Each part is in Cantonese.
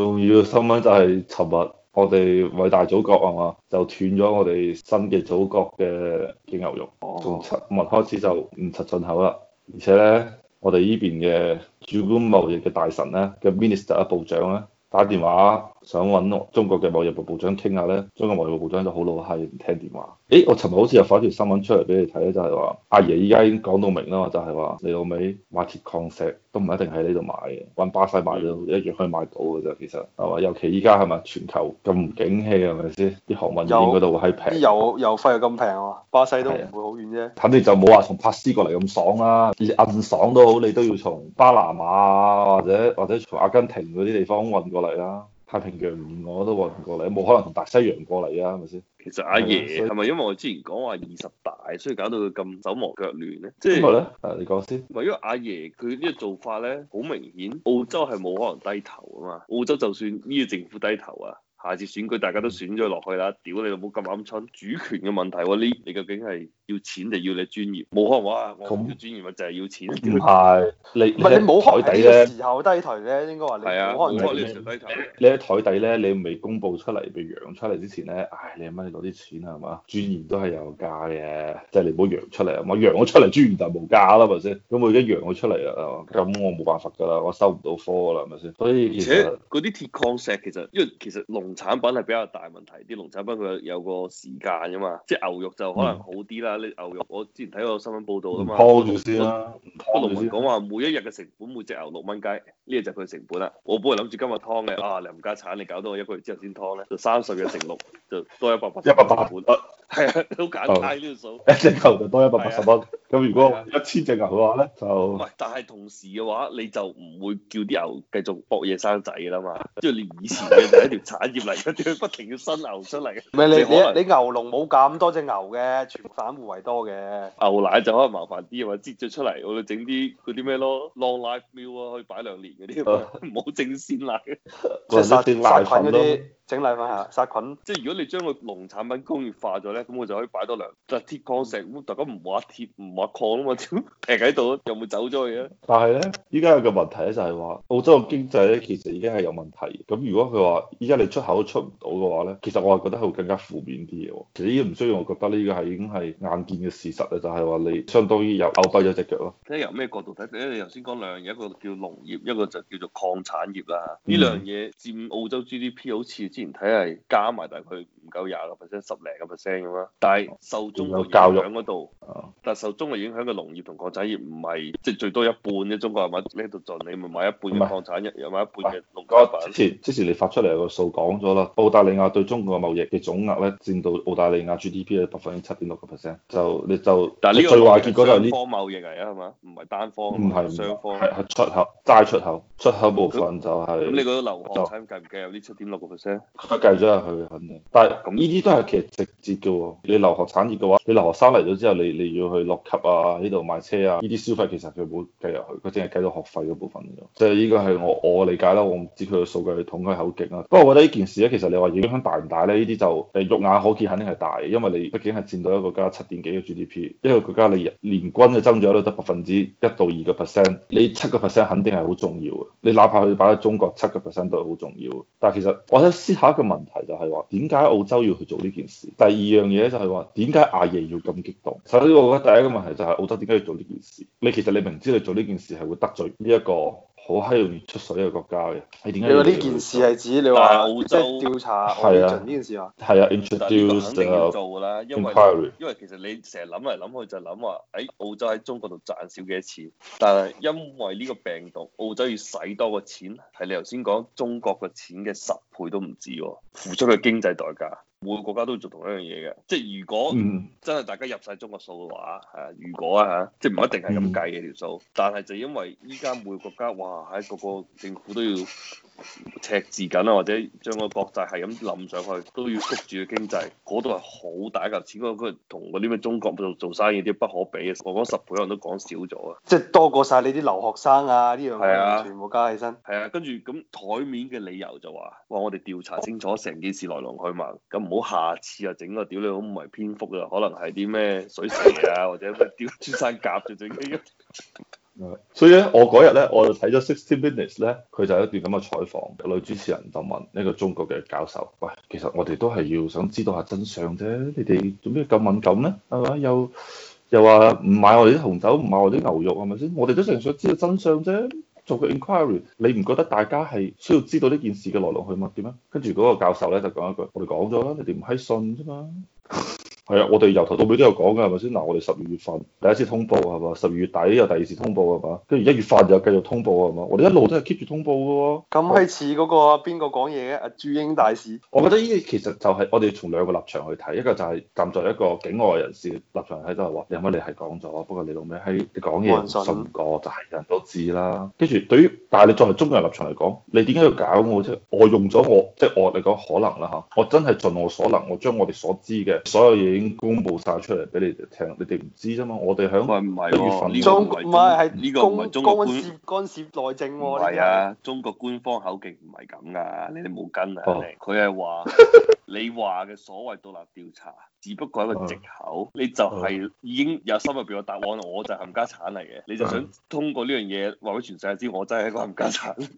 重要新聞就係，尋日我哋偉大祖國係嘛，就斷咗我哋新嘅祖國嘅嘅牛肉，從尋日開始就唔出進口啦。而且咧，我哋呢邊嘅主管貿易嘅大臣咧，嘅 Minister 啊，部長咧，打電話。想揾中國嘅貿易部部長傾下咧，中國貿易部部長就好老閪，唔聽電話。誒，我尋日好似又發條新聞出嚟俾你睇咧，就係話，阿爺依家已經講到明啦，就係話，你老尾買鐵礦石都唔一定喺呢度買嘅，揾巴西買都一樣可以買到嘅啫。其實係嘛，尤其依家係咪全球咁唔景氣，係咪先啲航運業嗰度係平，啲油油費又咁平啊，巴西都唔會好遠啫。肯定就冇話從帕斯過嚟咁爽啦，啲暗爽都好，你都要從巴拿馬或者或者從阿根廷嗰啲地方運過嚟啦。太平洋我都運過嚟，冇可能同大西洋過嚟啊，係咪先？其實阿爺係咪因為我之前講話二十大，所以搞到佢咁手忙腳亂咧？即係點解咧？誒，你講先。唔係因為阿爺佢呢個做法咧，好明顯澳洲係冇可能低頭啊嘛。澳洲就算呢個政府低頭啊。下次選舉大家都選咗落去啦，屌你老母咁鵪鶉，主權嘅問題喎，啊，你究竟係要錢定要你專業？冇可能哇，我專業咪就係要錢。唔係、嗯樣，你唔係你冇台底嘅時候低台咧，應該話你冇可能講你在時候低你喺台底咧，你未公佈出嚟，俾揚出嚟之前咧，唉，你阿媽你攞啲錢啊，係嘛？專業都係有價嘅，即、就、係、是、你唔好揚出嚟我嘛，揚咗出嚟專業就冇價啦，係咪先？咁我一揚佢出嚟啦，咁我冇辦法㗎啦，我收唔到科啦，係咪先？所以而且嗰啲鐵礦石其實因為其實農產品係比較大問題，啲農產品佢有個時間㗎嘛，即係牛肉就可能好啲啦。呢、嗯、牛肉我之前睇過新聞報道㗎嘛，劏住先啦。個農民講話，每一日嘅成本每隻牛六蚊雞，呢、這、嘢、個、就係佢成本啦。我本嚟諗住今日劏嘅，啊林家產你搞到我一個月之後先劏咧，就三十日乘六 就多一百八。一百八。係啊，好 簡單呢個數、哦。一隻牛就多一百八十蚊，咁 如果一千 隻牛嘅話咧，就唔係。但係同時嘅話，你就唔會叫啲牛繼續搏嘢生仔㗎喇嘛。即係你以前嘅第一條產業嚟， 不停要新牛出嚟。唔係你你牛欄冇咁多隻牛嘅，全部散戶為多嘅。 牛奶就可能麻煩啲啊嘛，擠咗出嚟我哋整啲嗰啲咩咯，long life milk 啊，可以擺兩年嗰啲，唔好整鮮奶其實沙。即係啲奶粉嗰啲。整禮物下殺菌，即係如果你將個農產品工業化咗咧，咁我就可以擺多兩。但係鐵礦石咁大家唔挖鐵唔挖礦啊嘛，平喺度又會走咗去啊。但係咧，依家有個問題咧就係話澳洲嘅經濟咧其實已經係有問題。咁如果佢話依家你出口出唔到嘅話咧，其實我係覺得佢會更加負面啲嘅。其實呢個唔需要我覺得呢個係已經係眼見嘅事實啊，就係、是、話你相當於有拗低咗隻腳咯。睇由咩角度睇咧？你頭先講兩樣，一個叫農業，一個就叫做礦產業啦。呢、嗯、兩樣嘢佔澳洲 GDP 好似。之前係加埋大概唔夠廿個 percent，十零個 percent 咁樣。但係受，受中國影響嗰度，但係受中國影響嘅農業同國產業唔係即係最多一半啫。中國係咪呢度就你咪買一半嘅礦產一，是有買一半嘅農業？之前之前你發出嚟個數講咗啦，澳大利亞對中國嘅貿易嘅總額咧佔到澳大利亞 GDP 嘅百分之七點六個 percent。就你就但呢個最壞結果就係呢方貿易嚟啊，係嘛？唔係單方，唔係是雙方，係出口齋出口出口部分就係、是。咁你覺得流產計唔計有呢七點六個 percent？佢計咗入去肯定，但係呢啲都係其實直接嘅喎、啊。你留學產業嘅話，你留學生嚟咗之後，你你要去落級啊，呢度買車啊，呢啲消費其實佢冇計入去，佢淨係計到學費嗰部分啫。即係呢個係我我理解啦，我唔知佢嘅數據統計係好勁啦。不過我覺得呢件事咧，其實你話影響大唔大咧？呢啲就肉眼可見，肯定係大，因為你畢竟係佔到一個國家七點幾嘅 GDP。一個國家你年均嘅增長率都得百分之一到二個 percent，你七個 percent 肯定係好重要嘅。你哪怕你擺喺中國七個 percent 都係好重要。但係其實我覺得下一個問題就係話點解澳洲要去做呢件事？第二樣嘢就係話點解阿爺要咁激動？首先我覺得第一個問題就係澳洲點解要做呢件事？你其實你明知道你做呢件事係會得罪呢一個。好閪容易出水嘅國家嘅。解你話呢件事係指你話澳洲調查呢件事係啊 introduce 啊，啊要做啦，因為、uh, inquiry 因為其實你成日諗嚟諗去就諗話，喺、欸、澳洲喺中國度賺少幾多錢，但係因為呢個病毒，澳洲要使多個錢，係你頭先講中國個錢嘅十倍都唔止喎，付出嘅經濟代價。每個國家都做同一樣嘢嘅，即係如果真係大家入晒中國數嘅話，係、嗯、如果啊吓，即係唔一定係咁計嘅條數，嗯、但係就因為依家每個國家哇喺各個政府都要。赤字緊啊，或者將個國債係咁冧上去，都要谷住個經濟，嗰度係好大一嚿錢，嗰個同嗰啲咩中國做做生意啲不可比嘅。我講十倍可能都講少咗啊！即係多過晒你啲留學生啊，呢樣嘢全部加起身。係啊，跟住咁台面嘅理由就話：，哇！我哋調查清楚成件事來龍去脈，咁唔好下次又、啊、整個屌你佬唔係蝙蝠啊，可能係啲咩水蛇啊， 或者咩屌穿山甲就整嘅。 所以咧，我嗰日咧，我就睇咗 Sixty Minutes 咧，佢就一段咁嘅採訪，有女主持人就問呢個中國嘅教授，喂，其實我哋都係要想知道下真相啫，你哋做咩咁敏感咧？係嘛，又又話唔買我哋啲紅酒，唔買我哋啲牛肉係咪先？我哋都純粹想知道真相啫，做個 inquiry，你唔覺得大家係需要知道呢件事嘅來龍去脈點啊？跟住嗰個教授咧就講一句，我哋講咗啦，你哋唔係信啫嘛。係啊，我哋由頭到尾都有講嘅，係咪先？嗱，我哋十二月份第一次通報係嘛，十二月底又第二次通報係嘛，跟住一月份又繼續通報係嘛，我哋一路都係 keep 住通報嘅喎。咁係似嗰個邊個講嘢嘅？朱英大使。我覺得呢啲其實就係我哋從兩個立場去睇，一個就係站在一個境外人士立場喺度話，你乜你係講咗，不過你老味喺你講嘢唔信過就係人都知啦。跟住對於，但係你作為中國人立場嚟講，你點解要搞我啫？就是、我用咗我，即、就、係、是、我嚟講可能啦嚇，我真係盡我所能，我將我哋所知嘅所有嘢。公布晒出嚟俾你哋聽，你哋唔知啫嘛，我哋響中唔係係呢個中干涉干涉內政喎。係啊，中國官方口徑唔係咁噶，你哋冇跟啊。佢係話你話嘅所謂獨立調查只不過係一個借口，你就係已經有心入邊個答案，我就係冚家鏟嚟嘅，你就想通過呢樣嘢話俾全世界知我真係一個冚家鏟，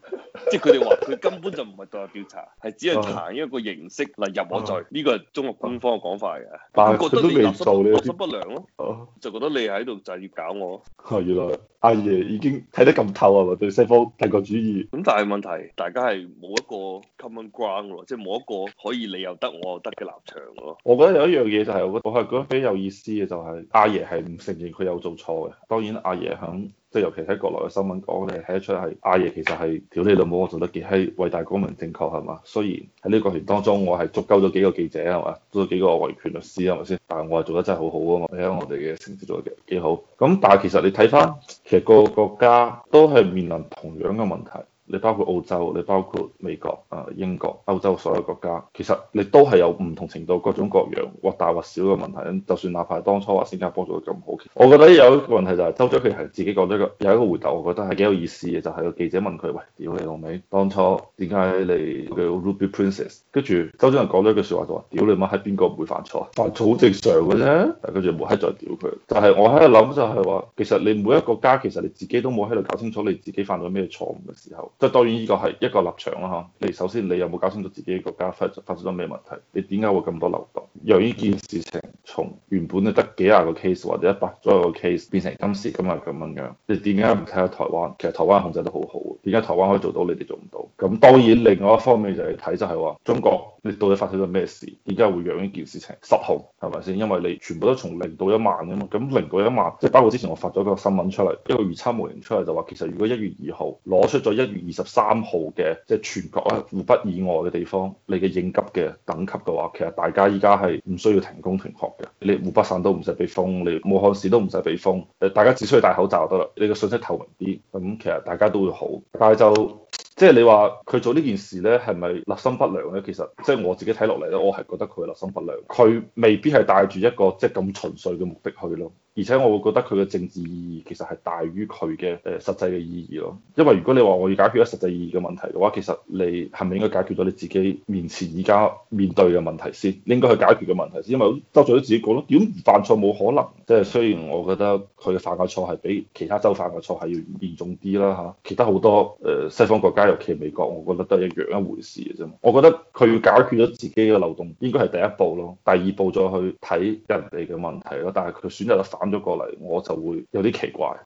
即係佢哋話佢根本就唔係獨立調查，係只係談一個形式嚟入我罪，呢、啊、個係中國官方嘅講法嘅。但做覺得都入數呢，立心不良咯，啊、就覺得你喺度就係要搞我咯。原來阿爺已經睇得咁透係咪？對西方帝國主義咁，但係問題大家係冇一個 common ground 咯，即係冇一個可以你又得我又得嘅立場咯。我覺得有一樣。嘢就係我，我係覺得幾有意思嘅就係阿爺係唔承認佢有做錯嘅。當然阿爺響即係尤其喺國內嘅新聞講，你睇得出係阿爺其實係屌你老母，我做得幾閪偉大，光明正確係嘛？雖然喺呢個段當中，我係捉鳩咗幾個記者係嘛，多幾個維權律師係咪先？但係我係做得真係好好啊！我喺我哋嘅城市做得幾好咁。但係其實你睇翻，其實個個國家都係面臨同樣嘅問題。你包括澳洲，你包括美國、啊英國、歐洲所有國家，其實你都係有唔同程度各種各樣或大或小嘅問題。就算哪怕係當初話新加坡做得咁好，我覺得有一個問題就係、是、周卓其係自己講咗一個有一個回答，我覺得係幾有意思嘅。就係、是、個記者問佢：喂，屌你老味，當初點解你嘅 Ruby Princess？跟住周卓其講咗一句説話，就話：屌你媽，係邊個唔會犯錯？犯錯好正常嘅啫。跟住冇喺再屌佢。但、就、係、是、我喺度諗就係話，其實你每一個家其實你自己都冇喺度搞清楚你自己犯咗咩錯誤嘅時候。即係當然，依個係一個立場啦。你首先你有冇搞清楚自己個國家發生發生咗咩問題？你點解會咁多流動？由依件事情從原本你得幾廿個 case 或者一百左右個 case 變成今時今日咁樣樣，你點解唔睇下台灣？其實台灣控制得好好，點解台灣可以做到你哋做唔到？咁當然，另外一方面就係睇就係話中國你到底發生咗咩事，點解會讓呢件事情失控係咪先？因為你全部都從零到一萬啊嘛，咁零到一萬即係包括之前我發咗個新聞出嚟，一個預測模型出嚟就話，其實如果一月二號攞出咗一月二十三號嘅即係全國啊湖北以外嘅地方，你嘅應急嘅等級嘅話，其實大家依家係唔需要停工停學嘅。你湖北省都唔使俾封，你武漢市都唔使俾封，誒大家只需要戴口罩就得啦。你個信息透明啲，咁其實大家都會好，但係就。即係你話佢做呢件事咧，係咪立心不良咧？其實即係我自己睇落嚟咧，我係覺得佢立心不良。佢未必係帶住一個即係咁純粹嘅目的去咯。而且我會覺得佢嘅政治意義其實係大於佢嘅誒實際嘅意義咯，因為如果你話我要解決一實際意義嘅問題嘅話，其實你係咪應該解決咗你自己面前而家面對嘅問題先？應該去解決嘅問題先，因為周仲有自己講咯，點犯錯冇可能？即係雖然我覺得佢嘅犯嘅錯係比其他州犯嘅錯係要嚴重啲啦嚇，其他好多誒西方國家尤其美國，我覺得都係一樣一回事嘅啫。我覺得佢要解決咗自己嘅漏洞，應該係第一步咯，第二步再去睇人哋嘅問題咯。但係佢選擇咗揀咗過嚟，我就會有啲奇怪。